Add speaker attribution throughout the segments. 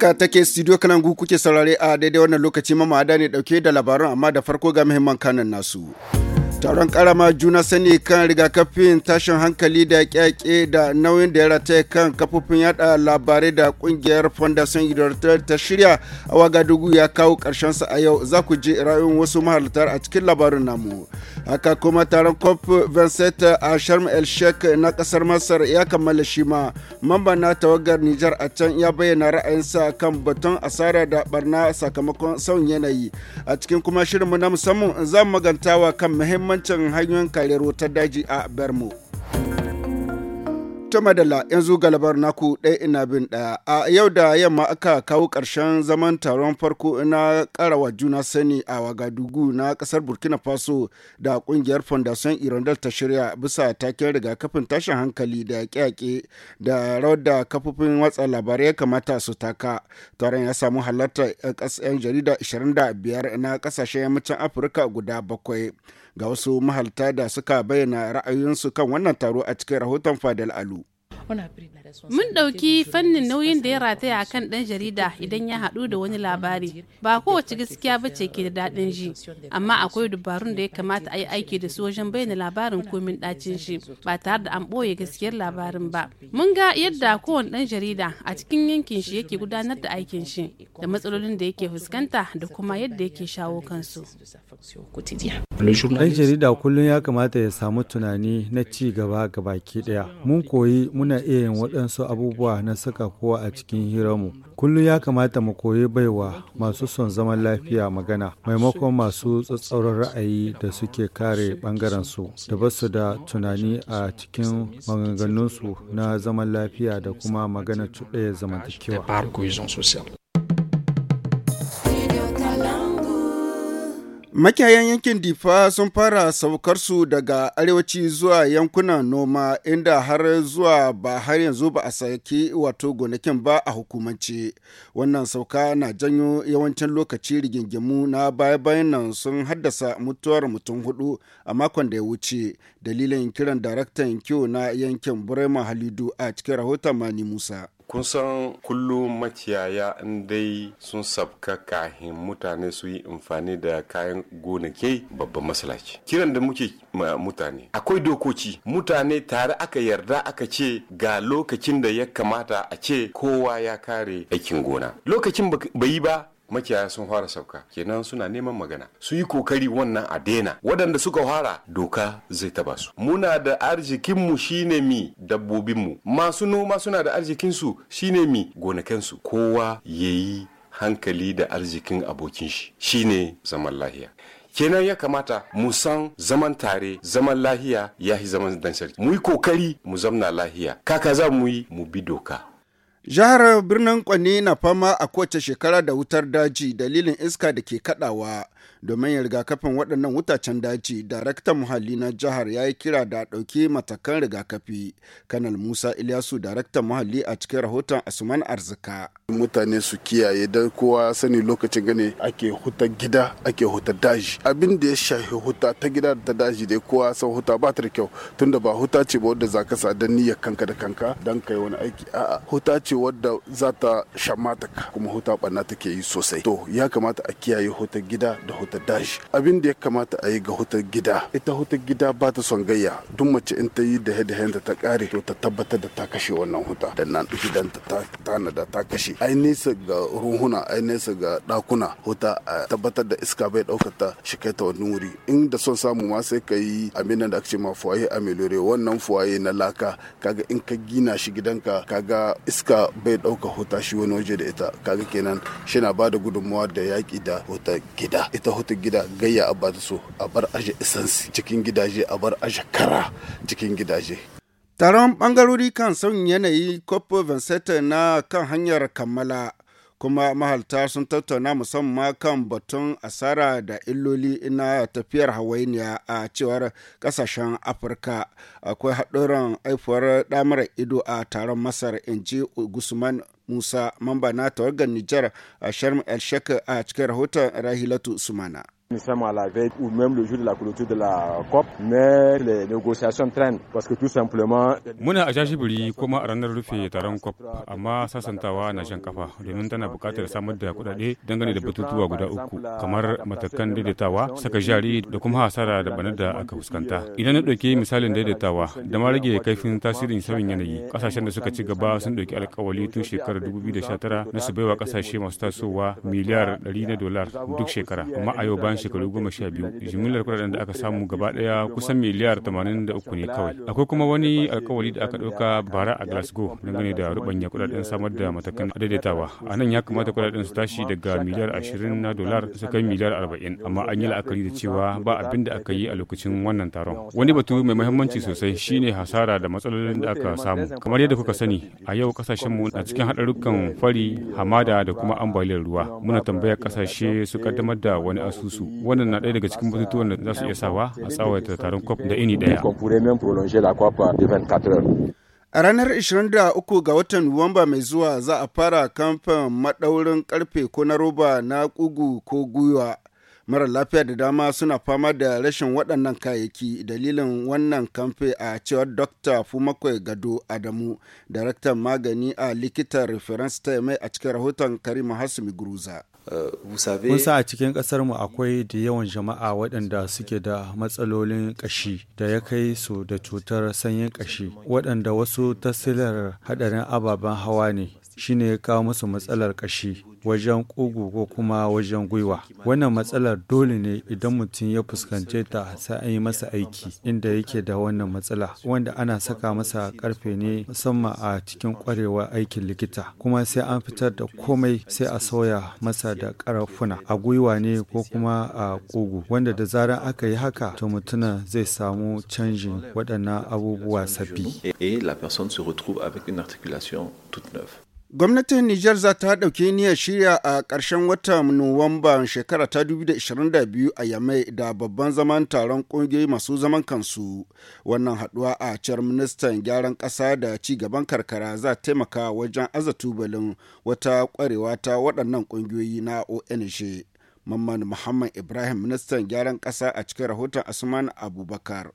Speaker 1: Haka take studio ku kuke saurare a daidai wannan lokaci mamada ne dauke da labaran amma da farko ga muhimman kanan nasu. taron karama juna sani kan rigakafin tashin hankali da kyake da nauyin da ya rataya kan kafofin yada labarai da kungiyar fondation idortar ta shirya a wagadugu ya kawo sa a yau za ku ji ra'ayin wasu mahalartar a cikin labarin namu haka kuma taron cop 27 a sharm el sheikh na kasar masar ya kammala shi ma mamba na tawagar nijar a can ya bayyana ra'ayinsa kan batun asara da barna sakamakon sauyin yanayi a cikin kuma shirinmu na musamman za mu magantawa kan muhimmanci muhimmancin hanyoyin kariyar wutar daji a Bermo. ta madala yanzu galabar naku ɗaya ina bin ɗaya a yau da yamma aka kawo ƙarshen zaman taron farko na ƙarawa juna sani a wagadugu na ƙasar burkina faso da ƙungiyar fondation irondal ta shirya bisa taken rigakafin tashin hankali da yaƙe-yaƙe da rawar da kafofin watsa labarai ya kamata su taka taron ya samu halartar 'yan jarida 25 na ƙasashen yammacin afirka guda bakwai ga wasu mahalta da suka bayyana ra'ayinsu kan wannan taro a cikin rahoton fadal alu
Speaker 2: Mun ɗauki fannin nauyin da ya rataya a kan ɗan jarida idan ya haɗu da wani labari. Ba kowace gaskiya ba ce ke da daɗin shi amma akwai dubarun da ya kamata a yi aiki da su wajen bayyana labarin komin ɗacin shi ba tare da an ɓoye gaskiyar labarin ba. Mun ga yadda kowane ɗan jarida a cikin yankin shi yake gudanar da aikin shi da matsalolin da yake fuskanta da kuma yadda yake shawo kansu.
Speaker 3: Ɗan
Speaker 4: jarida kullum ya kamata ya samu tunani na ci gaba ga baki ɗaya. Mun koyi muna iya yin waɗansu abubuwa na saka kowa a cikin hirarmu. Kullum ya kamata mu koyi baiwa masu son zaman lafiya magana maimakon masu tsatsauran ra'ayi da suke kare ɓangarensu da basu da tunani a cikin maganganunsu na zaman lafiya da kuma magana cuɗaya zamantakewa.
Speaker 1: Makiyayan yankin Difa sun fara saukar su daga arewaci zuwa yankunan noma inda har zuwa ba har yanzu ba a saki wato gonakin ba a hukumance. Wannan sauka na janyo yawancin lokaci rigingimu na baya-bayan nan sun haddasa mutuwar mutum hudu a makon da ya wuce. Dalilin kiran daraktan kyau na yankin Burema Halidu a cikin rahoton Mani Musa.
Speaker 5: kun san kullum makiyaya in dai sun sabka kahin mutane su yi amfani da kayan gonake babban masalaci kiran da muke mutane akwai dokoki mutane tare aka yarda aka ce ga lokacin da ya kamata a ce kowa ya kare aikin gona lokacin bai yi ba makiyaya sun fara sauka kenan suna neman magana su yi kokari wannan a daina waɗanda suka fara doka zai taba su muna da arzikinmu shine mi dabbobinmu masu noma suna da arzikinsu shine mi gonakansu kowa yayi hankali da arzikin abokin shi shine zaman lahiya kenan ya kamata mu san zaman tare zaman lahiya ya yi zaman dan sarki mu yi kokari mu zamna lahiya kaka za mu
Speaker 1: yi mu bi doka Jihar birnin Kwanni na fama a kowace shekara da wutar daji dalilin iska da ke kadawa domin yin rigakafin waɗannan wutacen daji daraktan muhalli na jihar ya yi kira da ɗauki matakan rigakafi kanal musa ilyasu daraktan muhalli a cikin rahoton asuman arzika
Speaker 2: mutane su kiyaye don kowa sani lokacin gane ake huta gida ake huta daji abin da ya shafi huta ta gida da ta daji dai kowa san huta ba ta da kyau tunda ba huta ce ba wadda za ka sa don niyyar kanka da kanka don kai wani aiki a'a huta ce ce wadda za ta shamata kuma huta ɓanna ke yi sosai to ya kamata a kiyaye hutar gida da hutar dashi abin da ya kamata a yi ga hutar gida ita hutar gida ba ta son gayya duk mace in ta yi da da ta kare to ta tabbatar da ta kashe wannan huta da nan gidan ta da ta kashe ai nesa ga ruhuna ai nesa ga dakuna huta a tabbatar da iska bai daukar ta shi ta wani wuri in da son samu ma sai ka yi aminan da ake ma fuwaye ameliore wannan fuwaye na laka kaga in ka gina shi gidanka kaga iska bai ɗauka huta shi wani waje da ita kaga kenan shi na da gudunmawa da yaƙi da huta gida ita huta gida gayya a bata so a bar aje isansi cikin gidaje a bar aje kara cikin gidaje taron bangarori kan sauyin
Speaker 1: yanayi cop na kan hanyar kammala kuma mahalta sun tattauna musamman kan batun asara da illoli na tafiyar hawainiya a cewar kasashen afirka akwai haɗuran haifuwar damar ido a taron masar inji gusman musa mamba na tawagar nijar a sharm el-shek a cikin rahoton rahilatu sumana Nous la veille ou même le jour de la clôture de la
Speaker 5: COP, mais les négociations traînent parce que tout simplement.
Speaker 3: Muna a biri kuma a ranar rufe taron COP, amma sasantawa na shan kafa domin tana buƙatar samar da kuɗaɗe dangane da batutuwa guda uku kamar matakan daidaitawa, saka jari da kuma hasara da banar da aka fuskanta. Idan na ɗauki misalin daidaitawa da ma rage kaifin tasirin sauyin yanayi, ƙasashen da suka ci gaba sun ɗauki alƙawali tun shekarar 2019 na su baiwa ƙasashe masu tasowa miliyar 100 na dolar duk shekara, amma a yau bayan shekaru goma sha biyu jimillar kudaden da aka samu gaba daya kusan miliyar tamanin da uku ne kawai akwai kuma wani alkawari da aka dauka bara a glasgow gane da rubanya kudaden samar da matakan daidaitawa a nan ya kamata kudaden su tashi daga miliyar ashirin na dolar su kai miliyar arba'in amma an yi la'akari da cewa ba abin da aka yi a lokacin wannan taron wani batu mai muhimmanci sosai shine hasara da matsalolin da aka samu kamar yadda kuka sani a yau kasashen mu na cikin haɗarukan fari hamada da kuma ambaliyar ruwa muna tambayar kasashe su kaddamar da wani asusu wannan na ɗaya daga cikin batutuwan da za su iya sawa a tsawaita taron COP da ini ɗaya.
Speaker 1: A ranar 23 ga watan Nuwamba mai zuwa za a fara kamfan maɗaurin karfe ko na roba na ƙugu ko gwiwa. Mara lafiya da dama suna fama da rashin waɗannan kayayyaki dalilin wannan kamfe a cewar Dr. Fumakwai Gado Adamu, daraktan magani a likitan reference mai a cikin rahoton Karima Hasumi Guruza.
Speaker 4: Kun sa a cikin mu akwai da yawan jama'a waɗanda suke da matsalolin ƙashi da ya kai su da cutar sanyin ƙashi waɗanda wasu tasirar haɗarin ababen hawa ne shine ya kawo musu matsalar ƙashi wajen ƙugu ko kuma wajen gwiwa wannan matsalar dole ne idan mutum ya fuskance ta sai an yi masa aiki inda yake da wannan matsala wanda ana saka masa karfe ne musamman a cikin kwarewa aikin likita kuma sai an fitar da komai sai a sauya masa da karafuna a gwiwa ne ko kuma a ƙugu wanda da zarar aka yi haka to mutum zai samu canjin waɗannan abubuwa sabbi.
Speaker 1: Gwamnatin Nijar za ta ɗauki niyyar shirya a ƙarshen watan Nuwamba shekara ta 2022 a Yamai da babban zaman taron ƙungiyoyi masu zaman kansu. Wannan haɗuwa a ciyar ministan gyaran ƙasa da ci gaban karkara za taimaka wajen aza tubalin wata ƙwarewa ta waɗannan ƙungiyoyi na ONG. Mamman Muhammad Ibrahim ministan gyaran kasa a cikin rahoton Asman Abubakar.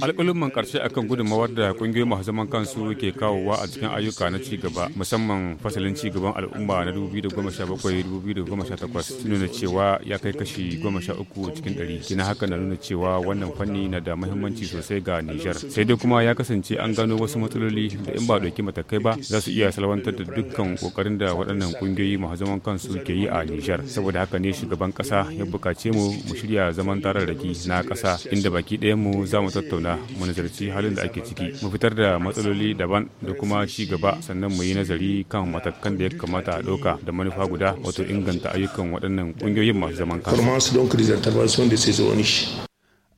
Speaker 3: Alƙulumin ƙarshe akan gudummawar da ƙungiyoyin masu zaman kansu ke kawowa a cikin ayyuka na ci gaba musamman fasalin ci gaban al'umma na 2017-2018 nuna cewa ya kai kashi 13 cikin 100 kina haka na nuna cewa wannan fanni na da muhimmanci sosai ga Nijar. Sai dai kuma ya kasance an gano wasu matsaloli da in ba ɗauki matakai ba za su iya salwantar da dukkan kokarin da waɗannan ƙungiyoyi masu zaman kansu ke yi a Nijar. Saboda haka ne shugaban ƙasa ya buƙace mu mu shirya zaman tararraki na ƙasa inda baki ɗayan mu za mu tattauna mu nazarci halin da ake ciki mu fitar da matsaloli daban da kuma ci gaba sannan mu yi nazari kan matakan da ya kamata a ɗauka da manufa guda wato inganta ayyukan waɗannan ƙungiyoyin masu zaman kansu.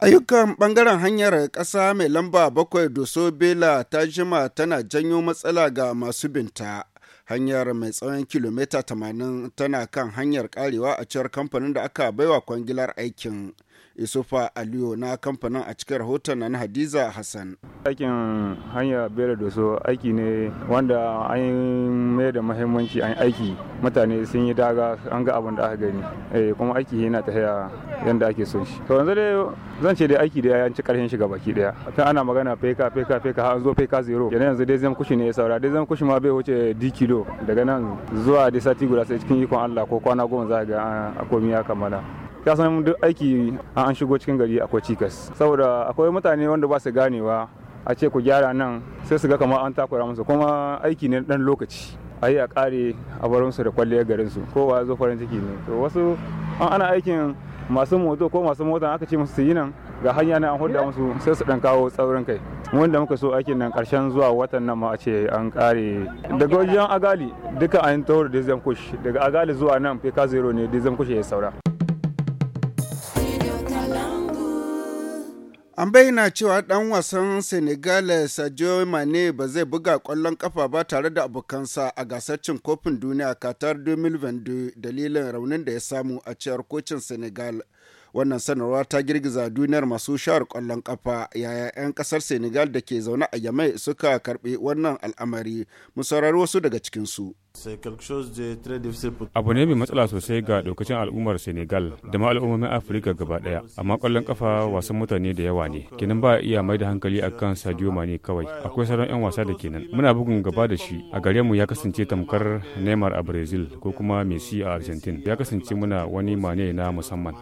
Speaker 1: ayyukan bangaren hanyar ƙasa mai lamba bakwai doso bela ta jima tana janyo matsala ga masu binta hanyar mai tsawon kilomita 80 tana kan hanyar karewa a cewar kamfanin da aka baiwa kwangilar aikin isufa aliyu na kamfanin a cikin rahoton na hadiza hassan
Speaker 6: aikin hanya bere da so aiki ne wanda an mai da mahimmanci an aiki mutane sun yi daga an ga abin da aka gani eh, kuma aiki yana ta haya yadda ake son shi to yanzu dai zan ce dai aiki da ya ci karshen shi gabaki daya ta ana magana feka feka feka har an zo feka zero yana yanzu dai zan kushi ne ya saura dai zan kushi ma bai wuce d kilo daga nan zuwa da sati guda sai cikin ikon Allah ko kwana goma za ga a komi ya kammala ya san duk aiki an shigo cikin gari akwai cikas saboda akwai mutane wanda ba su ganewa a ce ku gyara nan sai su ga kamar an takura musu kuma aiki ne dan lokaci a yi a kare a bar musu da kwalliyar garin su kowa zo farin ciki ne to wasu an ana aikin masu moto ko masu mota aka ce musu su yi nan ga hanya na an hudda musu sai su dan kawo tsaurin kai wanda muka so aikin nan karshen zuwa watan nan ma a ce an kare daga wajen agali duka an tawar da zan kush daga agali zuwa nan fika zero ne da zan kush ya saura An bayyana cewa dan wasan
Speaker 1: Senegal Sadio Mane ba zai buga kwallon kafa ba tare da abokansa a gasar cin kofin duniya a Qatar 2022 dalilin raunin da ya samu a ciyar kocin Senegal. Wannan sanarwa ta girgiza duniyar masu shawar kwallon kafa yaya 'yan kasar Senegal da ke zaune a Yamai suka karɓi wannan al'amari. Mu saurari wasu daga cikinsu.
Speaker 3: Abu ne mai matsala sosai ga dokacin al'ummar Senegal da ma al'ummomin Afirka gaba daya, amma kwallon kafa wasan mutane da yawa ne. Kenan ba iya mai da hankali akan Sadio Mane kawai. Akwai sauran 'yan wasa da kenan. Muna bugun gaba da shi. A gare mu ya kasance tamkar Neymar a Brazil ko kuma Messi a Argentina. Ya kasance muna wani Mane na musamman.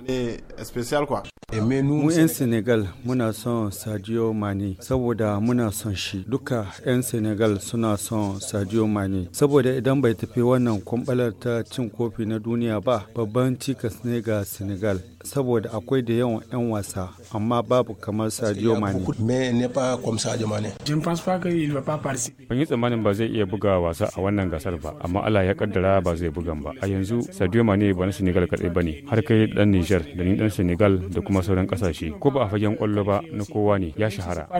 Speaker 2: Mu 'yan
Speaker 4: Senegal muna son Sadio Mane saboda muna son shi. Duka 'yan Senegal suna son Sadio Mane saboda idan bai tafi wannan kwambalar ta cin kofi na duniya ba babban cikas ne ga Senegal saboda akwai da yawan 'yan wasa amma babu kamar Sadio Mane. Ban yi tsammanin ba zai iya buga
Speaker 3: wasa a wannan gasar ba amma Allah ya kaddara ba zai bugan ba. A yanzu Sadio Mane ba na Senegal kadai ba ne har kai dan Niger da ni dan Senegal da kuma sauran kasashe ko ba a fagen kwallo ba na kowa ne ya shahara.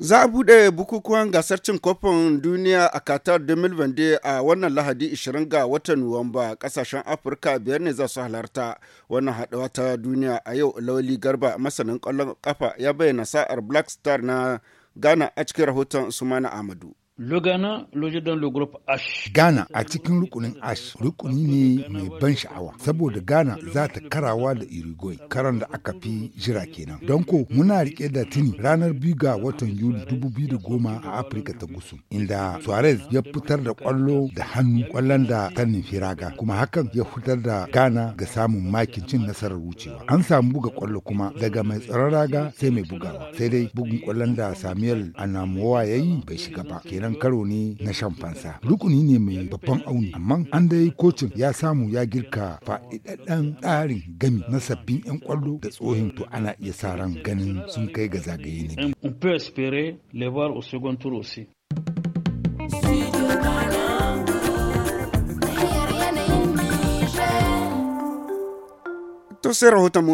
Speaker 1: Za a buɗe bukukuwan gasar cin kofin duniya a Qatar 2020 a wannan Lahadi 20 ga watan Nuwamba kasashen Afirka biyar ne za su halarta wannan haɗawa ta duniya a yau Lauli Garba masanin kwallon kafa ya bayyana sa'ar Black Star na Ghana a cikin rahoton Sumana Amadu.
Speaker 4: Lugana lojidan le
Speaker 1: groupe H.
Speaker 7: Ghana a cikin rukunin H rukuni ne mai ban sha'awa saboda Ghana za ta karawa da Irigoy karan da aka fi jira kenan. Don ko muna rike da tuni ranar biyu ga watan Yuli goma a Afirka ta Gusu inda Suarez ya fitar da kwallo da hannu kwallon da ta nufi raga kuma hakan ya fitar da Ghana ga samun makin cin nasarar wucewa. An samu buga kwallo kuma daga mai tsaron raga sai mai bugawa sai dai bugun kwallon da Samuel Anamowa ya yi bai shiga ba kenan ɗan karo ne na shan fansa. Rukuni ne mai babban auni, amma an dai kocin ya samu ya girka faɗaɗɗen tsarin gami na sabbin 'yan kwallo da tsohin to ana iya sa ran ganin sun kai ga zagaye
Speaker 4: ne. On peut espérer
Speaker 1: To sai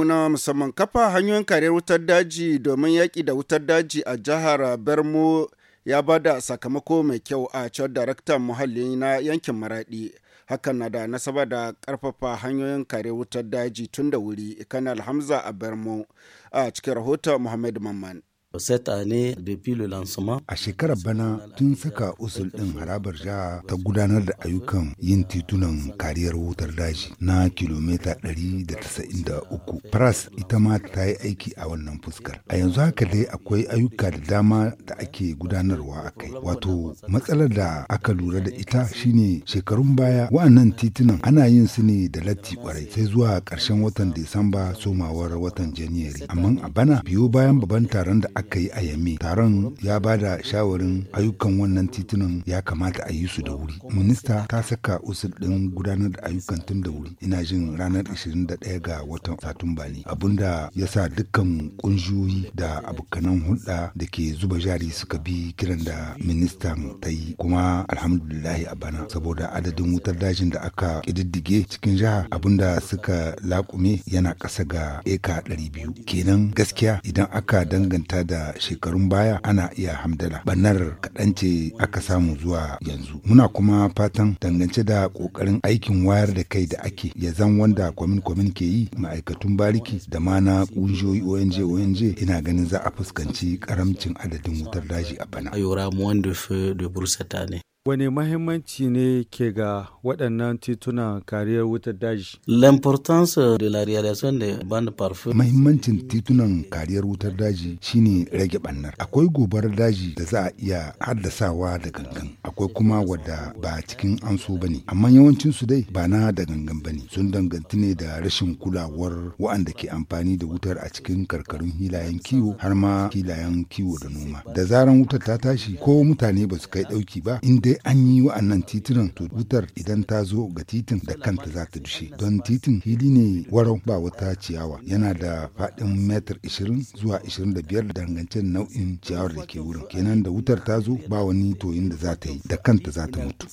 Speaker 1: na musamman kafa hanyoyin kariyar wutar daji domin yaƙi da wutar daji a jihar Bermo ya ba da sakamako mai kyau a cewar daraktan muhalli na yankin maradi hakan na da nasaba da karfafa hanyoyin kare wutar daji tun da wuri kanal hamza a bermo a cikin rahoton muhammad mamman A
Speaker 7: shekarar bana tun saka usul ɗin harabar jiha ta gudanar da ayyukan yin titunan kariyar wutar daji na kilomita 193. Pras ita ma ta yi aiki a wannan fuskar. A yanzu haka dai akwai ayyuka da dama da ake gudanarwa a kai. Wato matsalar da aka lura da ita shine shekarun baya wa'annan titunan ana yin su ne da latti kwarai sai zuwa ƙarshen watan desamba somawar watan Janairu. Amma a bana biyo bayan babban taron da aka yi a Yame. Taron ya ba da shawarin ayyukan wannan titunan ya kamata a yi su da wuri. Minista ta saka usul ɗin gudanar da ayyukan tun da wuri. Ina jin ranar 21 ga watan Satumba ne. Abinda ya sa dukkan kunjiyoyi da abokanan hulɗa da ke zuba jari suka bi kiran da ministan ta yi kuma alhamdulillahi a bana saboda adadin wutar dajin da aka ƙididdige cikin jiha abinda suka laƙume yana ƙasa ga eka 200 kenan gaskiya idan aka danganta da da shekarun baya ana iya hamdala banar kaɗan ce aka samu zuwa yanzu muna kuma fatan dangance da ƙoƙarin aikin wayar da kai da ake ya zan wanda kwamin kwamin ke yi ma'aikatun bariki da ma na ƙungiyoyi ONG ONG ina ganin za a fuskanci
Speaker 1: karamcin adadin wutar daji a
Speaker 4: bana. da ne. Wane mahimmanci ne ke ga waɗannan titunan kariyar wutar daji? L'importance de la réalisation de bande parfum.
Speaker 7: Mahimmancin titunan kariyar wutar daji shine rage bannar. Akwai gobar daji da za a iya haddasawa da gangan. Akwai kuma wadda ba cikin an ba ne, Amma yawancin su dai ba na da gangan bane. Sun danganti ne da rashin kulawar wa'anda ke amfani da wutar a cikin karkarun hilayen kiwo har ma hilayen kiwo da noma. Da zaran wutar ta tashi ko mutane ba su kai ɗauki ba inda sai an yi wa'annan titunan to wutar idan ta zo ga titin da kanta za ta dushe don titin hili ne warau ba wata ciyawa yana da faɗin metar 20 zuwa 25 dangance nau'in ciyawar da ke wurin kenan da wutar ta zo ba wani toyin da za ta yi da kanta za ta mutu.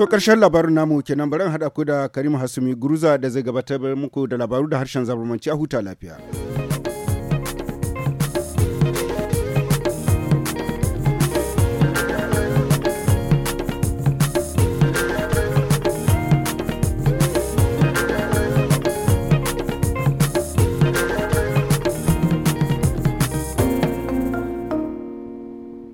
Speaker 1: To karshen labarin namu kenan bari in haɗa ku da Karim Hasumi Guruza da zai gabatar muku da labaru da harshen zamanci a huta lafiya.